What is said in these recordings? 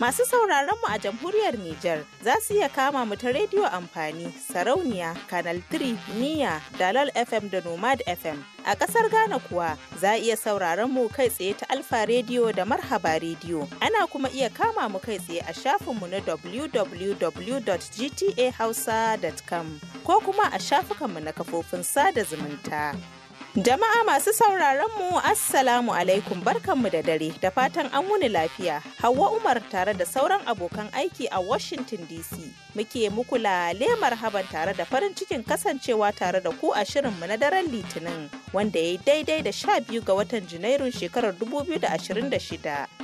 Masu sauraron mu a jamhuriyar Nijar za su iya kama mu ta rediyo amfani, sarauniya, Canal 3, Niya, Dalal FM da Nomad FM. A ƙasar Ghana kuwa za a iya sauraron mu kai tsaye ta Alfa Radio da Marhaba Radio. Ana kuma iya kama mu kai tsaye a shafinmu na www.gtahausa.com ko kuma a shafukanmu na kafofin sada zumunta. Jama'a masu sauraron mu Assalamu alaikum barkanmu da dare da fatan an wuni lafiya. Hauwa Umar tare da sauran abokan aiki a Washington DC. Muke muku lemar haban tare da farin cikin kasancewa tare da ku a shirinmu na daren Litinin wanda ya yi daidai da 12 ga watan Janairun shekarar 2026.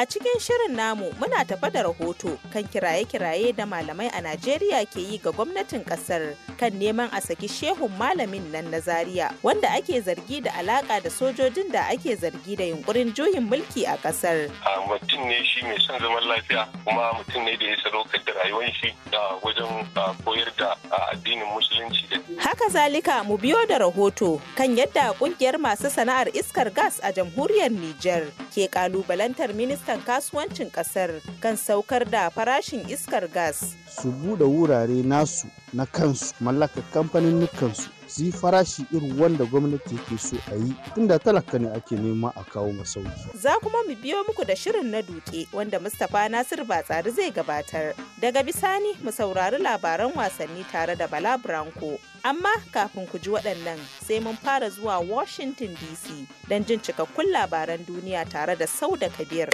A cikin shirin namu muna tafa da rahoto kan kiraye-kiraye da malamai a Najeriya ke yi ga gwamnatin kasar kan neman a saki shehun malamin nan na Zaria wanda ake zargi da alaka da sojojin da ake zargi da yunkurin juyin mulki a kasar. Mutum ne shi mai son zaman lafiya kuma mutum ne da ya sadaukar da rayuwar shi da wajen koyar da addinin musulunci. Haka zalika mu biyo da rahoto kan yadda kungiyar masu sana'ar iskar gas a jamhuriyar Nijar ke kalubalantar minista ministan kasuwancin kasar kan saukar da farashin iskar gas. Su buɗe wurare nasu na kansu mallaka kamfanin nukansu su yi farashi irin wanda gwamnati ke so a yi tunda talaka ne ake nema a kawo masauki. Za kuma mu biyo muku da shirin na duke wanda Mustapha Nasir tsari zai gabatar. Daga bisani mu saurari labaran wasanni tare da Bala Branko. Amma kafin ku ji waɗannan sai mun fara zuwa Washington DC don jin cikakkun labaran duniya tare da Sauda Kabir.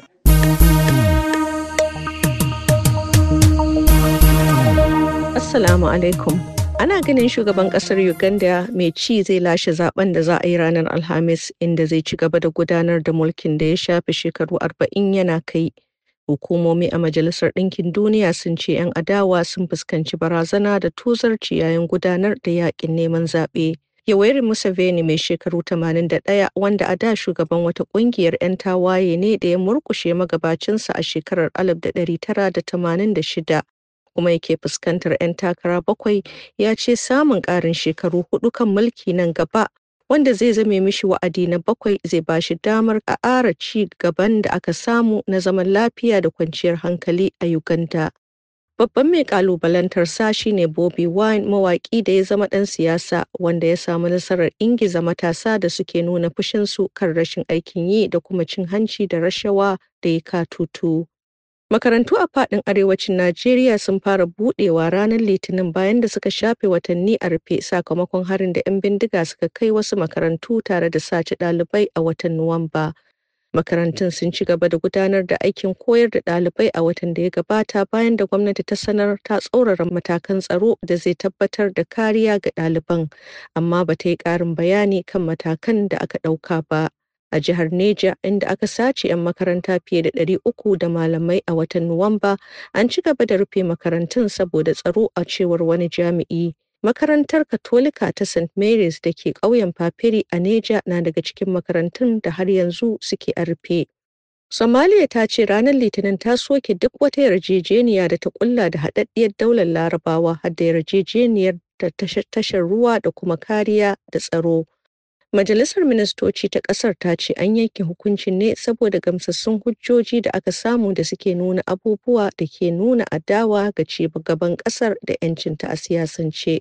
Assalamu alaikum. Ana ganin shugaban kasar Uganda mai ci zai lashe zaben da za a yi ranar Alhamis inda zai ci gaba da gudanar da mulkin da ya shafe shekaru arba'in yana kai. Hukumomi a Majalisar Ɗinkin Duniya sun ce 'yan adawa sun fuskanci barazana da tuzar yayin gudanar da yakin neman zaɓe. Yawairi Museveni mai shekaru 81 wanda a da shugaban wata ƙungiyar 'yan tawaye ne da ya murkushe magabacinsa a shekarar 1986 kuma yake fuskantar 'yan takara bakwai ya ce samun ƙarin shekaru hudu kan mulki nan gaba wanda zai zame mishi wa'adi na bakwai zai ba shi damar ƙara ci gaban da aka samu na zaman lafiya da kwanciyar hankali a Uganda. Babban mai kalubalantar sa shine Bobi Wine mawaƙi da ya zama ɗan siyasa wanda ya samu nasarar ingiza matasa da suke nuna fushinsu kan rashin aikin yi da kuma cin hanci da rashawa da ya tutu. Makarantu a faɗin Arewacin Najeriya sun fara buɗewa ranar Litinin bayan da suka shafe watanni a rufe sakamakon harin da 'yan bindiga suka kai wasu makarantu tare da sace ɗalibai a watan Nuwamba. Makarantun sun ci gaba da gudanar da aikin koyar da ɗalibai a watan da ya gabata bayan da gwamnati ta sanar ta tsorarar matakan tsaro da zai tabbatar da kariya ga ɗaliban, amma ba ta yi ƙarin bayani kan matakan da aka ɗauka ba. a jihar Neja inda aka sace 'yan makaranta fiye da ɗari uku da malamai a watan Nuwamba an ci gaba da rufe makarantun saboda tsaro a cewar wani jami'i. Makarantar Katolika ta St. Mary's da ke ƙauyen Papiri a Neja na daga cikin makarantun da har yanzu suke a rufe. Somalia ta ce ranar Litinin ta soke duk wata yarjejeniya da ta kulla da haɗaɗɗiyar daular Larabawa har da yarjejeniyar da tashar ruwa da kuma kariya da tsaro. Majalisar Ministoci ta ƙasar ta ce an yanke hukuncin ne saboda gamsassun hujjoji da aka samu da suke nuna abubuwa da ke nuna adawa ga gaban ƙasar da 'yancinta a siyasance.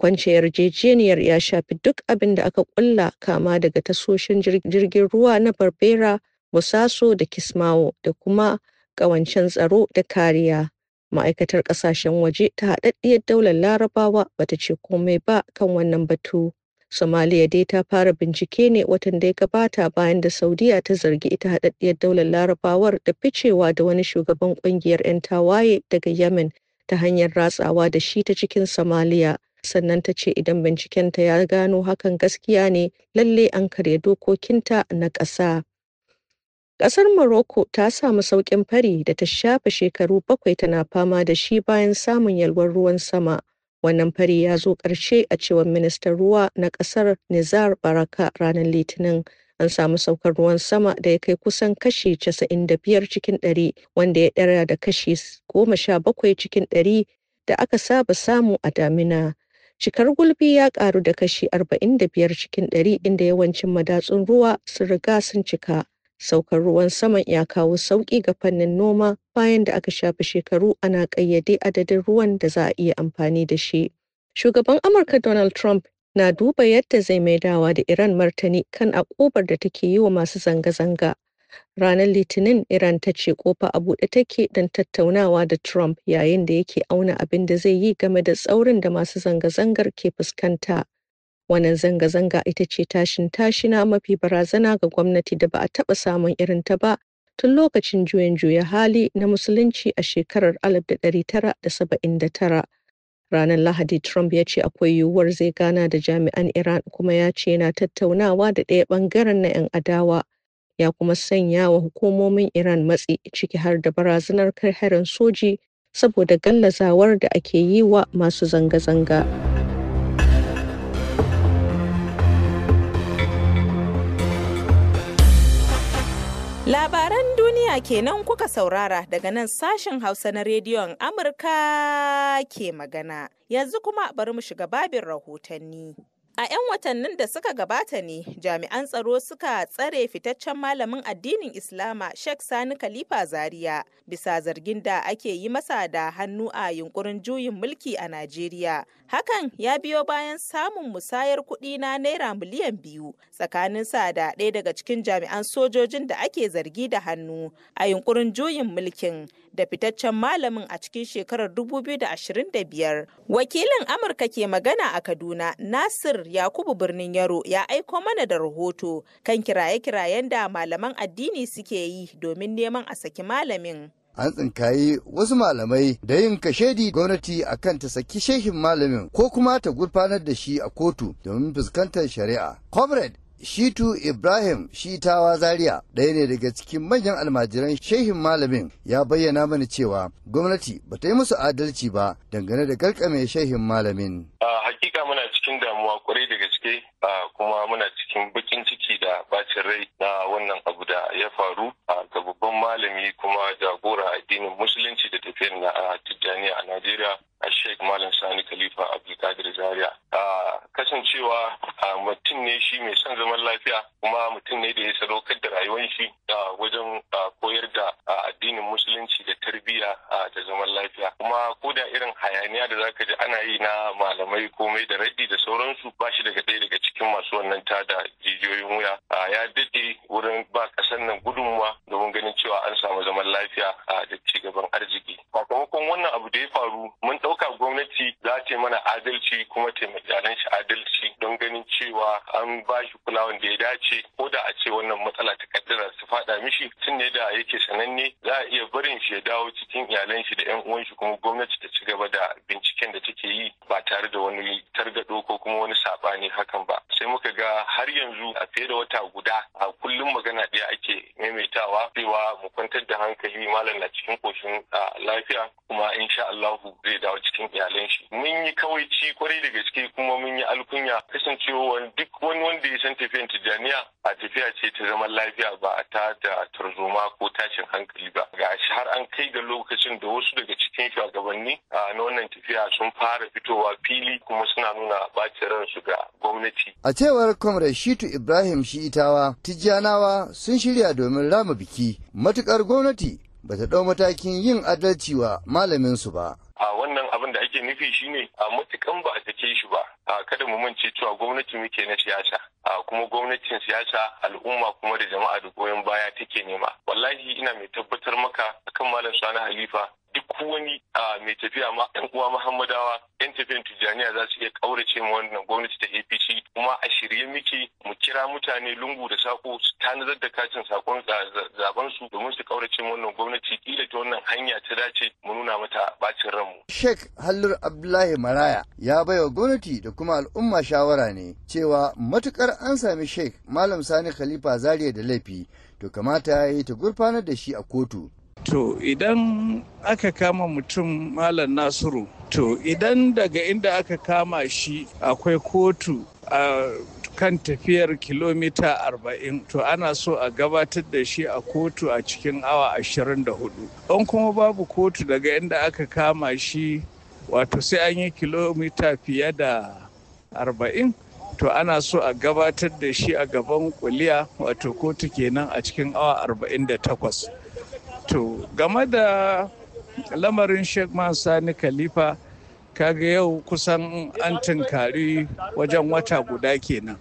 Kwance yarjejeniyar ya shafi duk abin da aka ƙulla kama daga tasoshin jirgin ruwa na Barbera, Musaso da Kismawo da kuma ƙawancen tsaro da kariya. Ma'aikatar ƙasashen waje ta haɗaɗɗiyar daular Larabawa bata ce komai ba kan wannan batu. Somalia dai ta fara bincike ne watan da ya gabata bayan da Saudiya ta zargi ita haɗaɗɗiyar daular Larabawar da ficewa da wani shugaban ƙungiyar 'yan tawaye daga Yemen ta hanyar ratsawa da shi ta cikin Somalia. Sannan ta ce idan bincikenta ya gano hakan gaskiya ne lalle an karya dokokinta na ƙasa. Ƙasar Morocco ta samu sauƙin fari da ta shafe shekaru bakwai tana fama da shi bayan samun yalwar ruwan sama. Wannan fari ya zo ƙarshe a cewar ministan ruwa na ƙasar Nizar Baraka ranar Litinin. an samu saukar ruwan sama da ya kai kusan kashi 95 cikin 100 wanda ya ɗara da kashi 17 cikin 100 da aka saba samu a damina. Cikar gulbi ya karu da kashi 45 cikin 100 inda yawancin madatsun ruwa sun riga sun cika. Saukar ruwan saman ya kawo sauƙi ga fannin noma bayan da aka shafe shekaru ana ƙayyade adadin ruwan da za a iya amfani da shi. Shugaban Amurka Donald Trump na duba yadda zai maidawa da Iran martani kan aƙobar da take yi wa masu zanga-zanga. Ranar Litinin Iran ta ce ƙofa a buɗe take don tattaunawa da Trump yayin da yake auna abin da zai yi game da tsaurin da masu zanga-zangar ke fuskanta. Wannan zanga-zanga ita ce tashin tashina mafi barazana ga gwamnati da ba a taɓa samun irin ta ba tun lokacin juyin juya hali na Musulunci a shekarar 1979. Ranar Lahadi Trump ya ce akwai yiwuwar zai gana da jami'an Iran kuma ya ce yana tattaunawa da ɗaya ɓangaren na 'yan adawa. Ya kuma sanya wa hukumomin Iran matsi ciki har da barazanar kai harin soji saboda gallazawar da ake yi wa masu zanga-zanga. Labaran duniya kenan kuka saurara daga nan sashen Hausa na rediyon Amurka ke magana. Yanzu kuma bari mu shiga babin rahotanni. A 'yan watannin da suka gabata ne jami'an tsaro suka tsare fitaccen malamin addinin Islama Sheikh Sani Khalifa Zaria bisa zargin da ake yi masa da hannu a yunkurin juyin mulki a Najeriya. Hakan ya biyo bayan samun musayar kuɗi na naira miliyan biyu tsakanin sa da ɗaya daga cikin jami'an sojojin da ake zargi da hannu a yunkurin juyin mulkin. da fitaccen malamin a cikin shekarar 2025. Wakilin Amurka ke magana a Kaduna, Nasir Yakubu Birnin Yaro ya aiko mana da rahoto kan kiraye-kirayen da malaman addini suke yi domin neman a saki malamin. an tsinkayi wasu malamai da yin kashedi gwamnati akan ta saki shehin malamin ko kuma ta gurfanar da shi a kotu domin fuskantar shari'a. Comrade Shitu Ibrahim shi Shitawa Zariya, ɗaya ne daga cikin manyan almajiran shehin malamin ya bayyana mana cewa gwamnati ba ta yi musu adalci ba dangane da garkame shehin malamin. A Hakika muna cikin damuwa kwarai da gaske kuma muna cikin bakin ciki da bacin rai na wannan abu da ya faru ga babban malami kuma jagora addinin musulunci da tafiyar na Tijjaniya a Najeriya a Sheikh Malam Sani Khalifa Abdulkadir Zaria. Kasancewa ne shi mai son zaman lafiya kuma mutum ne da ya sadaukar da rayuwar shi wajen koyar da addinin musulunci da tarbiyya da zaman lafiya kuma ko da irin hayaniya da zaka ji ana yi na malamai komai da raddi da sauransu ba shi daga ɗaya daga cikin masu wannan tada jijiyoyin wuya Yeah, dawo cikin iyalan shi da yan uwan shi kuma gwamnati ta ci gaba da binciken da take yi ba tare da wani targado ko kuma wani sabani hakan ba sai muka ga har yanzu a fiye da wata guda a kullum magana ɗaya ake maimaitawa cewa mu kwantar da hankali malam na cikin koshin lafiya kuma insha Allahu zai dawo cikin iyalan shi mun yi kawaici kwarai da gaske kuma mun yi alkunya kasancewar duk wani wanda ya san tafiyan tijaniya a tafiya ce ta zaman lafiya ba ta da tarzoma ko tashin hankali ba ga har an kai da lokacin da wasu daga cikin shugabanni na wannan tafiya sun fara fitowa fili kuma suna nuna bacin ransu ga gwamnati. A cewar Comrade Shitu Ibrahim Shi'itawa, Tijjanawa sun shirya domin rama biki matukar gwamnati bata ɗau matakin yin adalci wa malaminsu ba. a wannan abin da ake nufi shine a matukan ba a take shi ba kada mu mance cewa gwamnati muke na siyasa a kuma gwamnatin siyasa al'umma kuma da jama'a da goyon baya take nema wallahi ina mai tabbatar maka akan malam sani halifa ko wani mai tafiya ma ɗan uwa Muhammadawa yan tafiyan Tijjaniya za su iya ƙaurace ma wannan gwamnati ta APC kuma a shirye muke mu kira mutane lungu da sako su tanadar da katin sakon zaben su domin su ƙaurace ma wannan gwamnati kila ta wannan hanya ta dace mu nuna mata bacin ranmu. Sheikh Hallur Abdullahi Maraya ya baiwa gwamnati da kuma al'umma shawara ne cewa matukar an sami Sheikh Malam Sani Khalifa Zariya da laifi to kamata ya yi ta gurfanar da shi a kotu to idan aka kama mutum malam nasiru to idan daga inda aka kama shi akwai kotu a kan tafiyar kilomita 40 to ana so a gabatar da shi a kotu a cikin awa 24 don kuma babu kotu daga inda aka kama shi wato sai an yi kilomita fiye da 40 to ana so a gabatar da shi a gaban kuliya wato kotu kenan a cikin awa 48 To, game da lamarin Sheikh Sani Khalifa, kaga yau kusan an tunkari wajen wata guda kenan.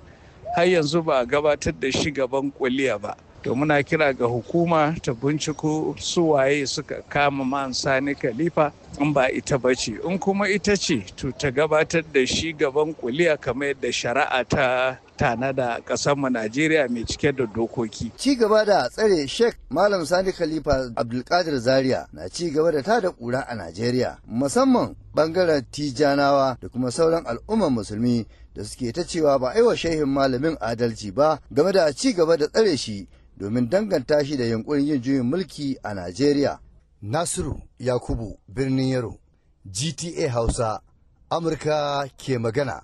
Har yanzu ba a gabatar da shi gaban kuliya ba. to muna kira ga hukuma ta binciko su waye suka kama man sani kalifa. in ba ita ba ce in kuma ita ce to ta gabatar da shi gaban kuliya kamar yadda shari'a ta tana da mu Najeriya mai cike da dokoki. Ci gaba da tsare Sheikh Malam Sani Khalifa Abdulkadir Zaria na ci gaba da tada kura a Najeriya musamman bangaren Tijanawa da kuma sauran al'ummar musulmi da suke ta cewa ba aiwa shehin malamin adalci ba game da ci gaba da tsare shi domin danganta shi da yunkurin yin juyin mulki a Najeriya. Nasiru Yakubu Birnin Yaro, GTA Hausa, Amurka ke magana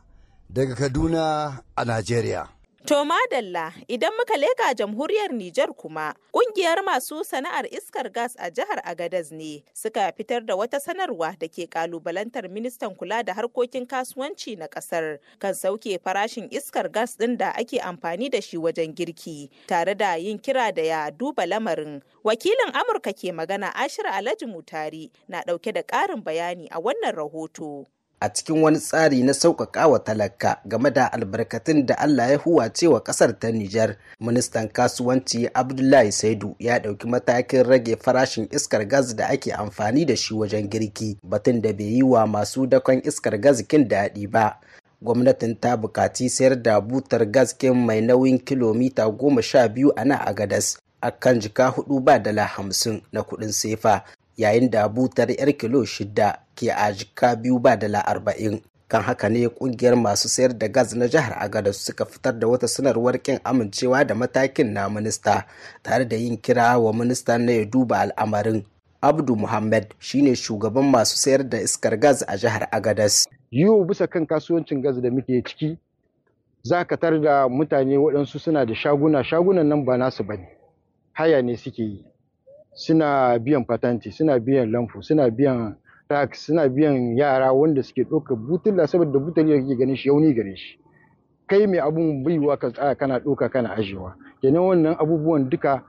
daga Kaduna a Najeriya. To madalla idan muka leka jamhuriyar Nijar kuma kungiyar masu sana'ar iskar gas a jihar Agadez ne suka fitar da wata sanarwa da ke kalubalantar ministan kula da harkokin kasuwanci na kasar kan sauke farashin iskar gas din da ake amfani da shi wajen girki tare da yin kira da ya duba lamarin. Wakilin Amurka ke magana Ashir Alhaji Mutari na ɗauke da ƙarin bayani a wannan rahoto. a cikin wani tsari na sauƙaƙa wa talaka game da albarkatun da Allah ya huwace wa ƙasar ta Nijar. Ministan kasuwanci Abdullahi Saidu ya ɗauki matakin rage farashin iskar gas da ake amfani da shi wajen girki, batun da bai yi wa masu dakon iskar gas kin daɗi ba. Gwamnatin ta buƙaci sayar da butar gas kin mai nauyin kilomita goma sha biyu a nan Agadas. akan jika hudu ba dala hamsin na kudin sefa yayin da butar 'yar kilo shida ke a jika biyu ba dala arba'in kan haka ne kungiyar masu sayar da gas na jihar agadas suka fitar da wata sanarwar kin amincewa da matakin na minista tare da yin kira wa minista na ya duba al'amarin abdu muhammad shine shugaban masu sayar da iskar gas a jihar agadas yiwu bisa kan kasuwancin gas da muke ciki za ka tar da mutane waɗansu suna da shaguna shagunan nan ba nasu bane haya ne suke yi suna biyan fatanti suna biyan lamfu suna biyan tax suna biyan yara wanda suke ɗauka butula saboda da yake ganin shi yauni gare shi kai mai abun baiwa ka tsaya kana ɗauka kana ajewa kenan wannan abubuwan duka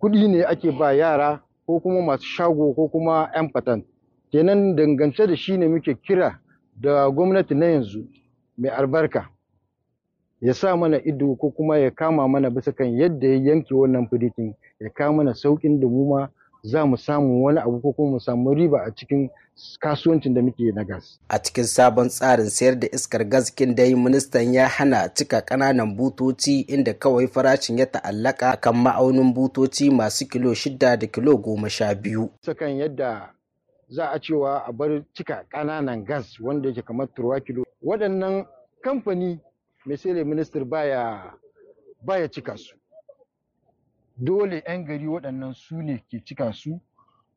kuɗi ne ake ba yara ko kuma masu shago ko kuma 'yan fatan kenan dangance da shi ne muke kira da gwamnati na yanzu mai albarka ya sa mana ido ko kuma ya kama mana bisa kan yadda ya yanke wannan fidikin ya kawo mana sauƙin da mu ma za mu samu wani abu ko kuma mu samu riba a cikin kasuwancin da muke na gas. A cikin sabon tsarin sayar da iskar gas kin dai ministan ya hana cika ƙananan butoci inda kawai farashin ya ta'allaka kan ma'aunin butoci masu kilo shida da kilo goma sha biyu. Sakan yadda za a cewa a bar cika ƙananan gas wanda yake kamar turwa kilo. Waɗannan kamfani mai sai da baya baya cika su. dole 'yan gari waɗannan su ne ke cika su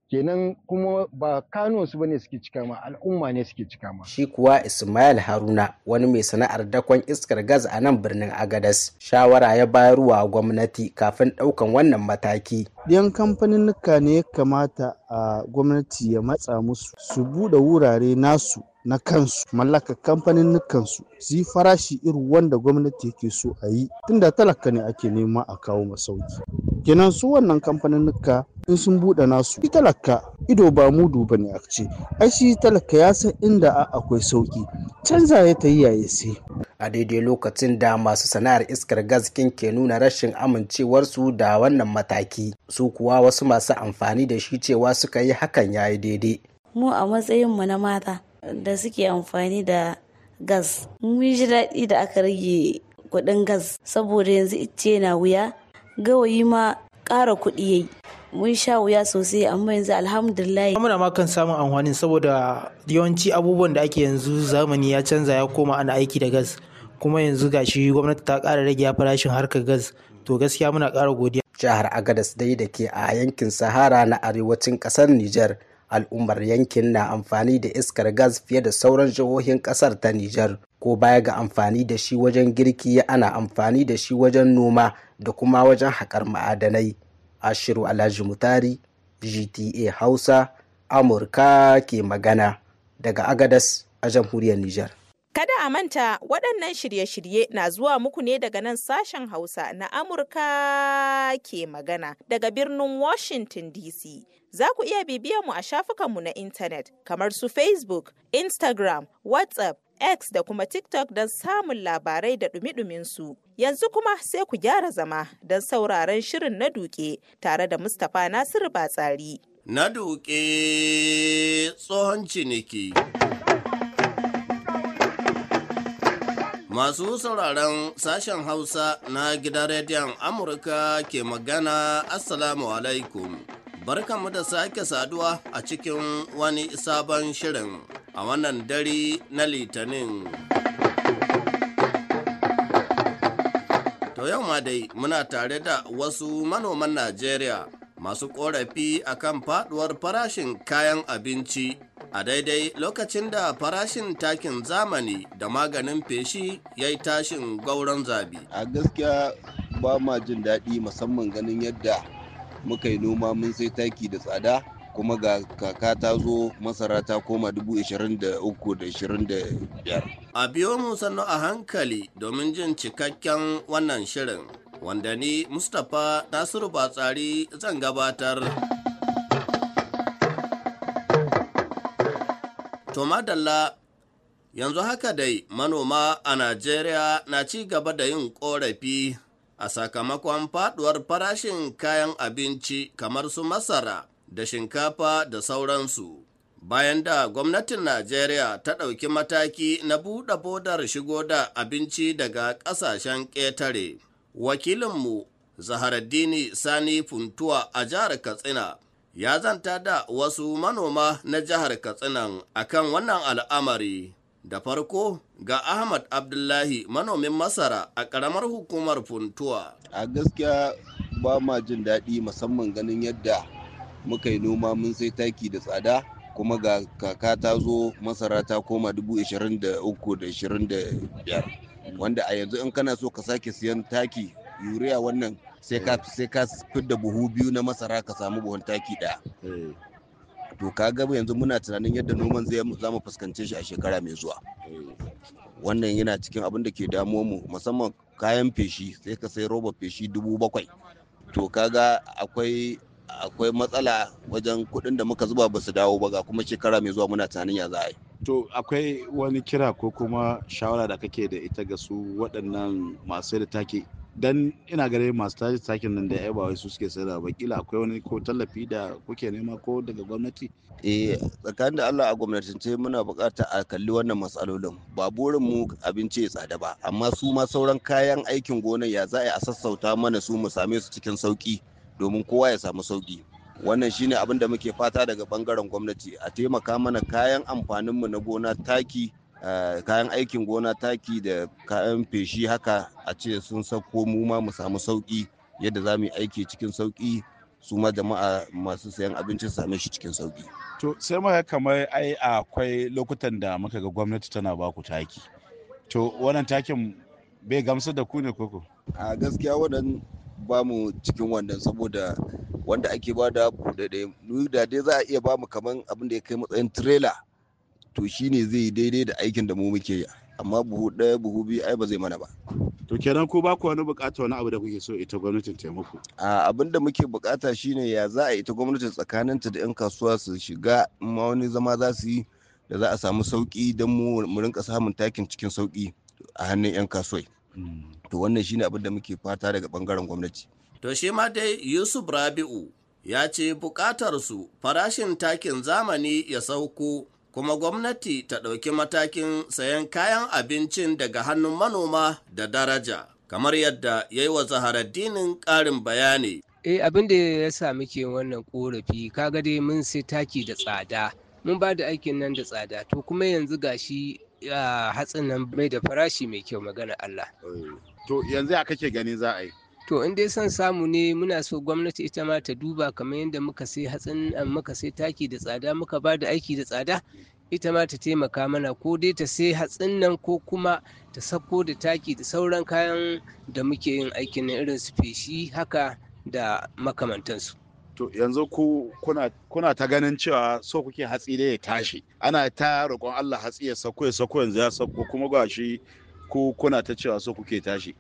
kenan kuma ba kano su bane suke cika ma al'umma ne suke cika ma shi kuwa Ismail Haruna wani mai sana'ar dakon iskar gaz a nan birnin Agadas shawara ya bayarwa gwamnati kafin ɗaukan wannan mataki yan kamfanin nuka ne ya kamata a gwamnati ya matsa musu su buɗe wurare nasu na kansu mallaka kamfanin nukansu su yi farashi irin wanda gwamnati yake so a yi tunda talaka ne ake nema a kawo masauki kenan su wannan nuka in sun buɗe nasu talaka ido ba mudu ba ne a ce ai shi talaka ya san inda akwai sauki canza ya ta yi yaye sai a daidai lokacin da masu sana'ar iskar gaskin ke nuna rashin amincewarsu da wannan mataki su kuwa wasu masu amfani da shi cewa suka yi hakan ya yi daidai mu a matsayin mu na mata da suke amfani da gas mun ji daɗi da aka rage kuɗin gas saboda yanzu ice na wuya gawayi ma ƙara kuɗi yayi mun sha wuya sosai amma yanzu alhamdulillah muna ma kan samun amfanin saboda yawanci abubuwan da ake yanzu zamani ya canza ya koma ana aiki da gas kuma yanzu gashi gwamnati ta ƙara rage farashin harkar gas to gaskiya muna ƙara godiya jihar agadas dai da ke a yankin sahara na arewacin ƙasar niger al'ummar yankin na amfani da iskar gas fiye da sauran jihohin ƙasar ta niger ko baya ga amfani da shi wajen girki ana amfani da shi wajen noma da kuma wajen haƙar ma'adanai ashiru alhaji mutari gta hausa amurka ke magana daga agadas a jamhuriyar nijar kada a manta waɗannan shirye-shirye na zuwa muku ne daga nan sashen hausa na amurka ke magana daga birnin washington dc za ku iya bibiyar mu a shafukanmu na intanet kamar su facebook instagram whatsapp X da kuma TikTok don samun labarai da dumi su. Yanzu kuma sai ku gyara zama don sauraron shirin na duke tare da Mustapha Nasiru Batsari. Na duke tsohon ciniki. Masu sauraron sashen Hausa na gidan rediyon Amurka ke magana Assalamu alaikum. Barkanmu da sake saduwa a cikin wani sabon shirin. a wannan dare na litinin to yau ma dai muna tare da wasu manoman najeriya masu korafi akan faduwar farashin kayan abinci a daidai lokacin da farashin takin zamani da maganin feshi ya yi tashin gauron zabi a gaskiya ba ma jin daɗi musamman ganin yadda muka yi noma mun sai taki da tsada kuma ga kaka ta zo masara ta koma dubu ashirin da uku da ashirin da biyar. A biyo mu sannu a hankali domin jin cikakken wannan shirin wanda ni Mustapha Nasiru Batsari zan gabatar. To madalla yanzu haka dai manoma a Najeriya na ci gaba da yin ƙorafi a sakamakon faɗuwar farashin kayan abinci kamar su masara da shinkafa da sauransu. Bayan da gwamnatin Najeriya ta ɗauki mataki na buɗe bodar shigo da abinci daga ƙasashen ƙetare, wakilinmu Zaharaddini Sani Funtuwa a jihar Katsina ya zanta da wasu manoma na jihar Katsinan kan wannan al'amari. Da farko ga Ahmad Abdullahi manomin masara a ƙaramar hukumar Funtuwa. A gaskiya ba ma jin daɗi musamman ganin yadda muka yi noma mun sai taki da tsada kuma ga kaka ta zo masara ta koma dubu ishirin da uku da ishirin da biyar wanda a yanzu in kana so ka sake siyan taki yuriya wannan sai ka eh. sai ka fidda buhu biyu na masara ka samu buhun taki ɗaya eh. to ka ga yanzu muna tunanin yadda noman zai za mu fuskance shi a shekara mai zuwa eh. wannan yana cikin abin da ke damuwa mu musamman kayan feshi sai ka sai roba feshi dubu bakwai to kaga akwai akwai matsala wajen kuɗin da muka zuba ba su dawo ba ga kuma shekara mai zuwa muna tunanin ya za a yi. To akwai wani kira ko kuma shawara da kake da ita ga su waɗannan masu da take dan ina gare masu tashi takin nan da ya ba su suke sayarwa ba kila akwai wani ko tallafi da kuke nema ko daga gwamnati eh tsakanin da Allah a gwamnatance muna buƙatar a kalli wannan matsalolin ba burin mu abinci ya tsada ba amma su ma sauran kayan aikin gonar ya za a sassauta mana su mu same su cikin sauki domin kowa ya samu sauki wannan shine abin da muke fata daga bangaren gwamnati a taimaka mana kayan amfaninmu na gona taki eh, kayan aikin gona taki da kayan feshi haka a ce sun sauko mu ma mu samu sauki yadda za mu yi aiki cikin sauki su ma jama'a masu sayan abinci su same shi cikin sauki to sai muka kamar ai akwai lokutan da muka ga gwamnati tana ba ku taki to wannan takin bai gamsu da ku ne koko a gaskiya wannan ba mu cikin wannan saboda wanda ake ba da buɗaɗe da dai za a iya ba mu kaman abin da ya kai matsayin tirela to shine zai yi daidai da aikin da mu muke yi amma buhu ɗaya buhu biyu ai ba zai mana ba to kenan ko ba ku wani bukata wani abu da kuke so ita gwamnatin taimako a abin da muke bukata shine ya za a ita gwamnatin tsakaninta da yan kasuwa su shiga ma wani zama za su yi da za a samu sauki don mu rinka samun takin cikin sauki a hannun yan kasuwai hmm. to wannan shine abin da muke fata daga bangaren gwamnati to shi ma dai yusuf rabi'u ya ce bukatarsu farashin takin zamani ya sauko kuma gwamnati ta ɗauki matakin sayan kayan abincin daga hannun manoma da daraja kamar yadda ya yi wa zaharaddinin ƙarin bayani eh abin da ya sa muke wannan korafi kaga dai mun sai taki da tsada mun ba da aikin nan da tsada to kuma yanzu gashi ah, hatsin nan bai da farashi mai kyau magana Allah mm. to yanzu ya kake gani za a yi to in dai son samu ne muna so gwamnati ita ma ta duba kamar yadda muka sai hatsin eh, muka sai taki da tsada muka ba da aiki da tsada ita ma ta taimaka mana ko dai ta sai hatsin nan ko kuma ta sako da taki da sauran kayan da muke yin aikin na irin su feshi haka da makamantansu to yanzu ku kuna, ta ganin cewa so kuke hatsi da ya tashi ana ta roƙon Allah hatsi ya sako ya sako yanzu ya sako kuma gashi ko kuna ta cewa so kuke tashi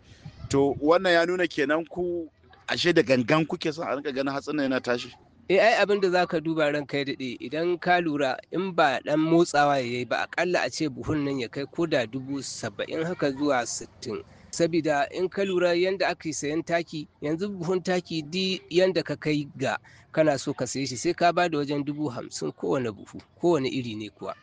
to wannan ya nuna kenan ku ashe da gangan kuke son a rinka ganin hatsin yana tashi eh ai abin da zaka duba ran kai daɗe idan ka lura in ba dan motsawa ya yi ba akalla a ce buhun nan ya kai koda dubu saba'in haka zuwa sittin sabida in ka lura yadda aka yi sayan taki yanzu buhun taki di yadda ka kai ga kana so ka saye shi sai ka ba da wajen dubu hamsin kowane buhu kowane iri ne kuwa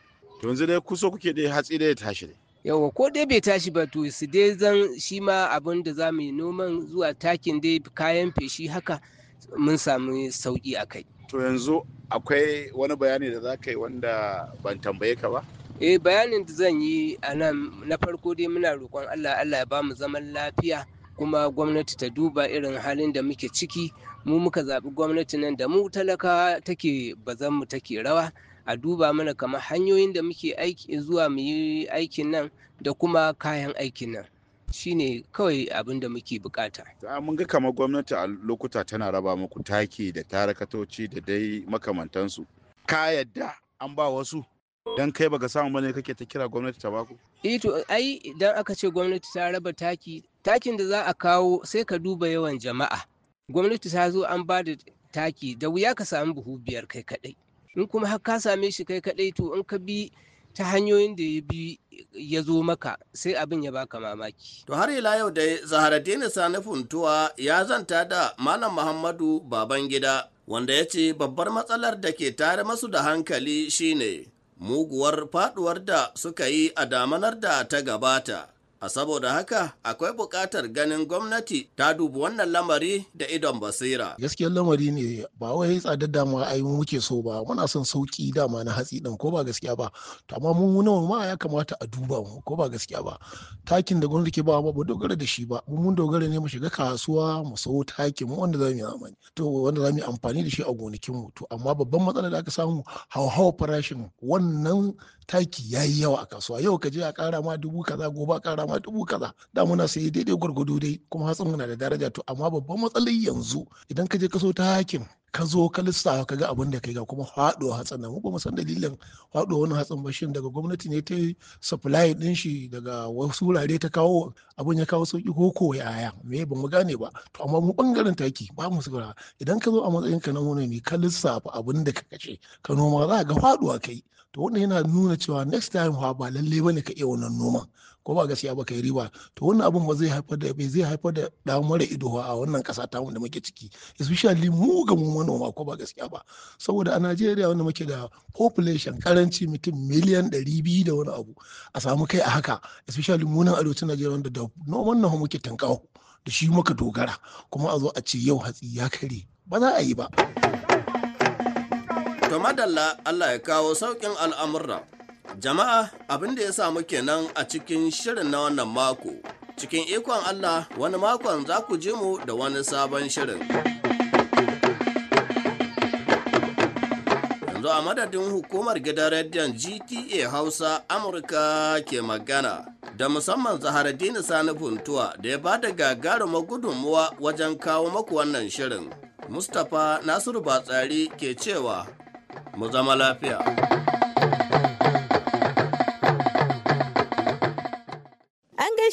to yanzu dai kuso kuke da hatsi da ya tashi dai yawa ko dai bai tashi ba to su dai zan shi ma abin da za mu yi noman zuwa takin dai kayan feshi haka mun samu sauƙi a kai to yanzu akwai wani bayani da za ka yi wanda ban tambaye ka ba eh bayanin da zan yi a nan na farko dai muna roƙon allah allah ya ba mu zaman lafiya kuma gwamnati ta duba irin halin da muke ciki mu muka zaɓi gwamnati nan da mu talakawa take bazan mu take rawa a duba mana kamar hanyoyin da muke aiki zuwa mu yi aikin nan da kuma kayan aikin nan shine kawai abin da muke bukata. mun ga kamar gwamnati a lokuta tana raba muku taki da tarakatoci da dai makamantansu ka yadda an ba wasu don kai baka samu bane kake ta kira gwamnati ta baku E, eh to ai idan aka ce gwamnati ta raba taki takin da za a kawo sai ka duba yawan jama'a gwamnati ta zo an ba da taki da wuya ka samu buhu biyar kai kadai in kuma har ka same shi kai kaɗai to in ka bi ta hanyoyin da ya bi ya zo maka sai abin ya baka mamaki. To har ila yau da zaharadini Sani Funtuwa ya zanta da Malam Muhammadu Babangida wanda ya ce babbar matsalar da ke tare masu da hankali shine muguwar faduwar da suka yi a damanar da ta gabata. a saboda haka akwai buƙatar ganin gwamnati ta dubi wannan lamari da idon basira gaskiyar lamari ne ba wai tsadar dama ai mu muke so ba muna son sauki dama na hatsi ɗin ko ba gaskiya ba to amma mun nawa ma ya kamata a duba mu ko ba gaskiya ba takin da gwamnati ke ba ba dogara da shi ba mun dogara ne mu shiga kasuwa mu sayo takin mu wanda zamu yi amfani to wanda zamu yi amfani da shi a gonakin mu to amma babban matsalar da aka samu hauhawar farashin wannan taki yayi yawa a kasuwa yau ka je a kara ma dubu kaza gobe a kara kama dubu kaza da muna sayi daidai gwargwado dai kuma hatsin muna da daraja to amma babban matsalin yanzu idan ka je ka so ta hakim ka zo ka lissafa ka ga abin da kai ga kuma faɗo hatsin nan kuma san dalilin faɗo wani hatsin ba shin daga gwamnati ne ta supply din shi daga wasu wurare ta kawo abin ya kawo sauki ko ko yaya me ba mu gane ba to amma mu bangaren taki ba mu sigara idan ka zo a matsayin ka na ne ka lissafa abin da ka kace ka noma za ga faɗuwa kai to wannan yana nuna cewa next time ba lalle bane ka iya wannan noma. ko ba gaskiya ba kai riba to wannan abun ba zai haifar da bai zai haifar da da ido a wannan kasa ta da muke ciki especially mu ga mu manoma ko ba gaskiya ba saboda a Najeriya wanda muke da population karanci mutum miliyan 200 da wani abu a samu kai a haka especially mu nan arewacin Najeriya wanda da noman nan muke tankawo da shi muka dogara kuma a zo a ce yau hatsi ya kare ba za a yi ba. To madalla Allah ya kawo saukin al'amurra. Jama'a abin da ya samu kenan a cikin shirin na wannan mako. Cikin ikon Allah wani makon za ku ji mu da wani sabon shirin. Yanzu a madadin hukumar gidan rediyon GTA Hausa Amurka ke magana. Da musamman Zaharaddini Sani Funtuwa da ya ba da gagarumar gudunmuwa wajen kawo maku wannan shirin. Mustapha Nasiru Batsari ke cewa, mu zama lafiya.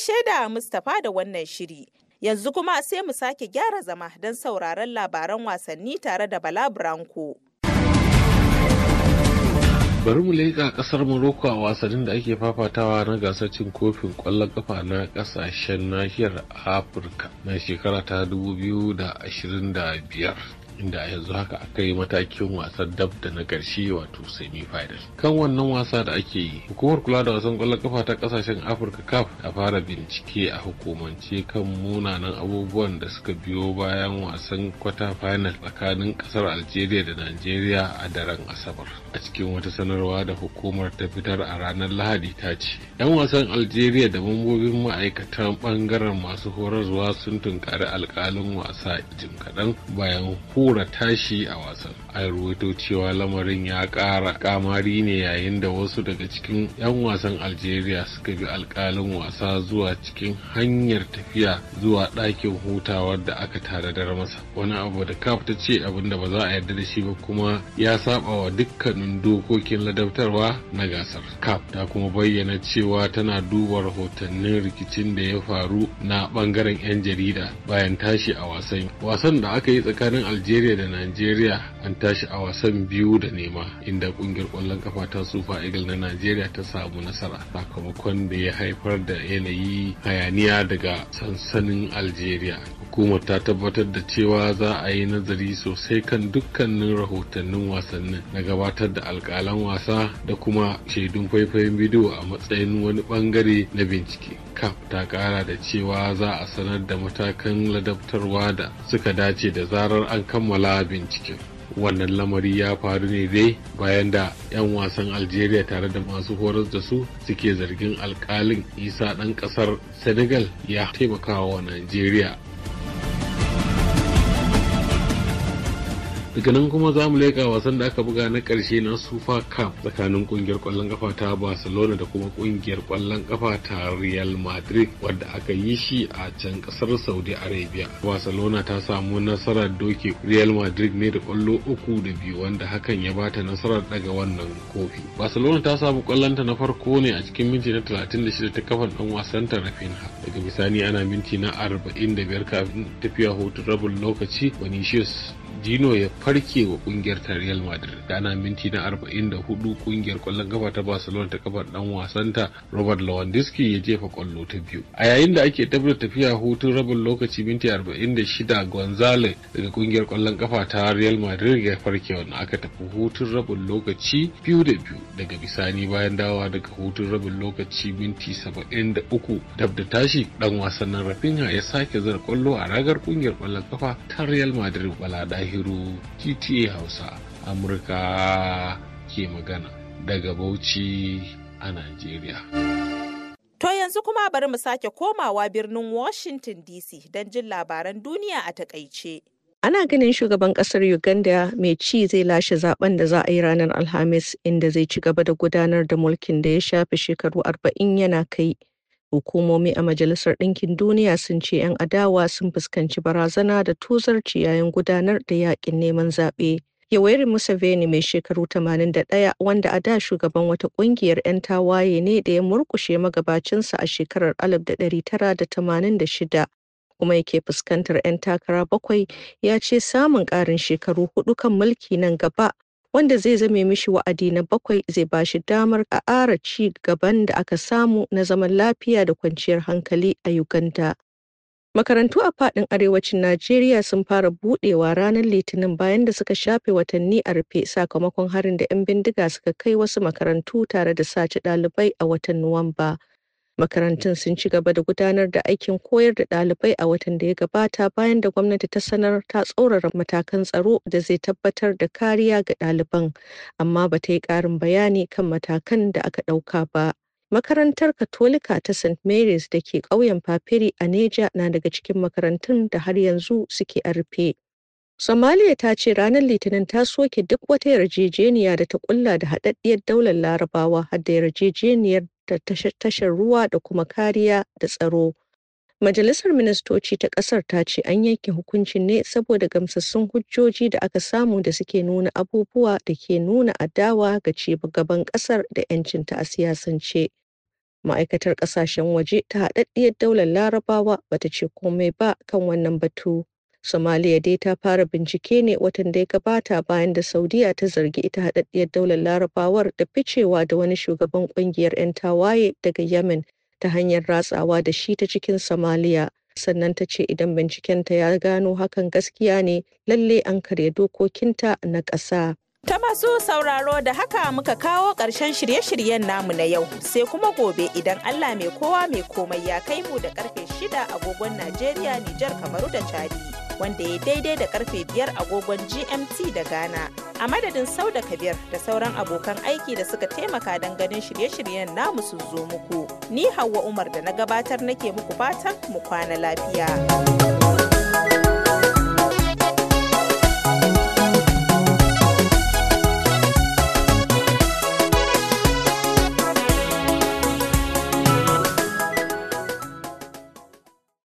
gaishe da Mustapha da wannan shiri. Yanzu kuma sai mu sake gyara zama don sauraron labaran wasanni tare da Bala Branko. bari mu leƙa ƙasar Morocco a wasannin da ake fafatawa na gasar cin kofin ƙwallon ƙafa na ƙasashen nahiyar Afirka na shekara ta 2025 inda a yanzu haka aka yi matakin wasan dab da na ƙarshe wato semi final kan wannan wasa da ake yi hukumar kula da wasan ƙwallon kafa ta ƙasashen afirka Cup ta fara bincike a hukumance kan munanan abubuwan da suka biyo bayan wasan kwata final tsakanin ƙasar algeria da nigeria a daren asabar a cikin wata sanarwa da hukumar ta fitar a ranar lahadi ta ce 'yan wasan algeria da mambobin ma'aikatan bangaren masu horarwa sun tunkari alkalin wasa jim kaɗan bayan ko hura tashi a wasan an rubuto cewa lamarin ya ƙara kamari ne yayin da wasu daga cikin 'yan wasan algeria suka bi alkalin wasa zuwa cikin hanyar tafiya zuwa ɗakin hutawar da aka tanadar masa wani abu da kaf ta ce abin da ba za a yarda da shi ba kuma ya saba wa dukkanin dokokin ladabtarwa na gasar kaf ta kuma bayyana cewa tana duba rahotannin rikicin da ya faru na bangaren 'yan jarida bayan tashi a wasan wasan da aka yi tsakanin algeria Nigeria da Nigeria an tashi a wasan biyu da nema inda kungiyar kwallon kafa ta sufa eagle na najeriya ta samu nasara sakamakon da ya haifar da yanayi hayaniya daga sansanin algeria hukumar ta tabbatar da cewa za a yi nazari sosai kan dukkanin rahotannin wasannin na gabatar da alkalan wasa da kuma shaidun faifayin bidiyo a matsayin wani bangare na bincike kaf ta kara da cewa za a sanar da matakan ladabtarwa da suka dace da zarar an kammala binciken wannan lamari ya faru ne dai bayan da 'yan wasan algeria tare da masu horar da su suke zargin alkalin isa ɗan ƙasar senegal ya taimakawa wa nigeria daga nan kuma za mu leƙa wasan da aka buga na ƙarshe na super cup tsakanin ƙungiyar ƙwallon ƙafa ta barcelona da kuma ƙungiyar ƙwallon ƙafa ta real madrid wadda aka yi shi a can ƙasar saudi arabia barcelona ta samu nasarar doke real madrid ne da kwallo uku da biyu wanda hakan ya bata nasarar daga wannan kofi barcelona ta samu ƙwallonta na farko ne a cikin minti na shida ta kafan ɗan wasan ta rafinha daga bisani ana minti na biyar kafin tafiya hutu rabin lokaci vinicius Dino ya farke wa kungiyar ta Real Madrid. Da minti na 44 kungiyar kwallon kafa ta Barcelona ta kafar dan wasanta Robert Lewandowski ya jefa kwallo ta biyu. A yayin da ake tabbata tafiya hutun rabin lokaci minti 46 Gonzalez daga kungiyar kwallon kafa ta Real Madrid ya farke na aka tafi hutun rabin lokaci biyu da biyu daga bisani bayan dawowa daga hutun rabin lokaci minti 73 dab da tashi dan wasannin Rafinha ya sake zara kwallo a ragar kungiyar kwallon kafa ta Real Madrid balada Ɗahiru TTA Hausa Amurka ke magana daga Bauchi a Najeriya. To yanzu kuma bari mu sake komawa birnin Washington DC don jin labaran duniya a takaice. Ana ganin shugaban kasar Uganda mai ci zai lashe zaben da za a yi ranar Alhamis inda zai ci gaba da gudanar da mulkin da ya shafe shekaru arba'in yana kai Hukumomi a Majalisar Ɗinkin Duniya sun ce 'yan adawa sun fuskanci barazana da tuzarci yayin gudanar da yaƙin neman zaɓe. Yoweri Museveni mai shekaru 81 wanda a da shugaban wata ƙungiyar 'yan tawaye ne da ya murƙushe magabacinsa a shekarar 1986 kuma yake fuskantar 'yan takara bakwai ya ce samun ƙarin shekaru hudu kan mulki nan gaba wanda zai zame mishi wa'adi na bakwai zai ba shi damar a ƙara ci gaban da aka samu na zaman lafiya da kwanciyar hankali a Uganda. Makarantu a faɗin arewacin Najeriya sun fara buɗewa ranar Litinin bayan da suka shafe watanni a rufe sakamakon harin da 'yan bindiga suka kai wasu makarantu tare da sace ɗalibai a watan Nuwamba. Makarantun sun ci gaba da gudanar da aikin koyar da ɗalibai a watan da ya gabata bayan da gwamnati ta sanar ta tsaurara matakan tsaro da zai tabbatar da kariya ga ɗaliban, amma ba ta yi ƙarin bayani kan matakan da aka ɗauka ba. Makarantar Katolika ta St. Mary's da ke ƙauyen Papiri a Neja na daga cikin makarantun da har yanzu suke a rufe. Somalia ta ce ranar Litinin ta soke duk wata yarjejeniya da ta kulla da haɗaɗɗiyar daular Larabawa har da yarjejeniyar da tashar ruwa da kuma kariya da tsaro. Majalisar Ministoci ta ƙasar ta ce an yanke hukuncin ne saboda gamsassun hujjoji da aka samu da suke nuna abubuwa da ke nuna adawa ga gaban ƙasar da 'yancinta a siyasance. Ma'aikatar ƙasashen waje ta Haɗaɗɗiyar Daular Larabawa ba ta ce komai ba kan wannan batu. Somalia dai ta fara bincike ne watan da ya gabata bayan da Saudiya ta zargi ita haɗaɗɗiyar daular Larabawar da ficewa da wani shugaban ƙungiyar 'yan tawaye daga Yemen ta hanyar ratsawa da shi ta cikin Somalia. sannan ta ce idan bincikenta ya gano hakan gaskiya ne lalle an karya dokokinta na ƙasa. Ta masu sauraro da haka muka kawo ƙarshen shirye-shiryen namu na yau sai kuma gobe idan Allah mai kowa mai komai ya kai mu da karfe shida agogon Najeriya, Nijar, Kamaru da Chadi. wanda ya daidai da karfe 5 agogon GMT da Ghana. A madadin sau da Kabir da sauran abokan aiki da suka taimaka don ganin shirye-shiryen namu sun zo muku. Ni Hauwa Umar da na gabatar nake muku fatan mu kwana lafiya.